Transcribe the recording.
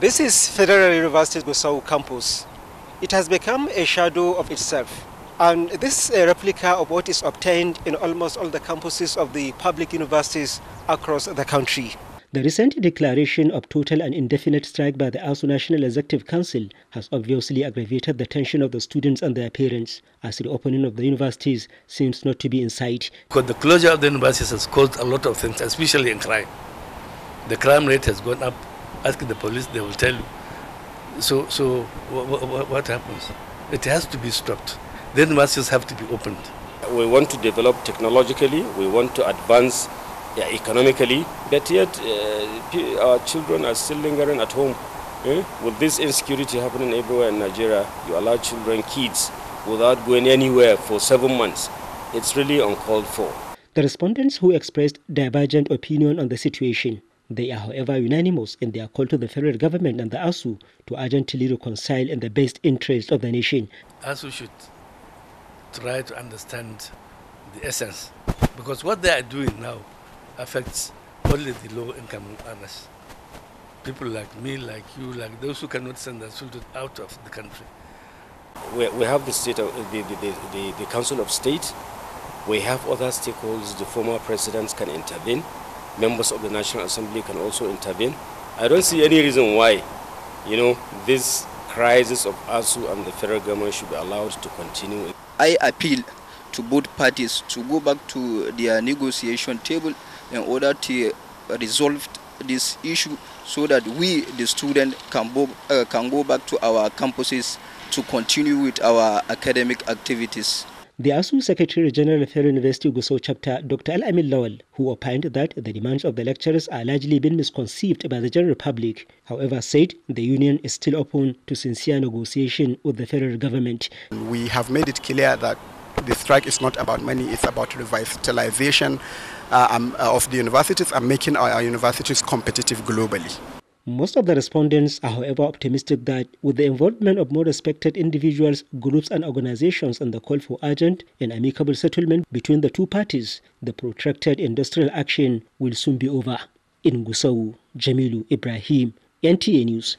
This is Federal University Gusau campus. It has become a shadow of itself. And this is a replica of what is obtained in almost all the campuses of the public universities across the country. The recent declaration of total and indefinite strike by the ASU National Executive Council has obviously aggravated the tension of the students and their parents, as the opening of the universities seems not to be in sight. Because the closure of the universities has caused a lot of things, especially in crime. The crime rate has gone up ask the police, they will tell you. So, so what happens? It has to be stopped. Then masses have to be opened. We want to develop technologically, we want to advance yeah, economically, but yet uh, our children are still lingering at home. Eh? With this insecurity happening everywhere in Nigeria, you allow children, kids, without going anywhere for seven months. It's really uncalled for. The respondents who expressed divergent opinion on the situation they are, however, unanimous in their call to the federal government and the ASU to urgently reconcile in the best interest of the nation. ASU should try to understand the essence because what they are doing now affects only the low income earners. People like me, like you, like those who cannot send their children out of the country. We, we have the, state of, the, the, the, the Council of State, we have other stakeholders, the former presidents can intervene members of the National Assembly can also intervene. I don't see any reason why, you know, this crisis of ASU and the federal government should be allowed to continue. I appeal to both parties to go back to their negotiation table in order to resolve this issue so that we, the students, can, uh, can go back to our campuses to continue with our academic activities. The ASU Secretary General of Hero University Gusau chapter, Dr. Al Amin Lawal, who opined that the demands of the lecturers are largely being misconceived by the general public, however, said the union is still open to sincere negotiation with the federal government. We have made it clear that the strike is not about money, it's about revitalization uh, um, of the universities and making our, our universities competitive globally. Most of the respondents are, however, optimistic that with the involvement of more respected individuals, groups, and organizations in the call for urgent and amicable settlement between the two parties, the protracted industrial action will soon be over. In Gusau, Jamilu Ibrahim, NTA News.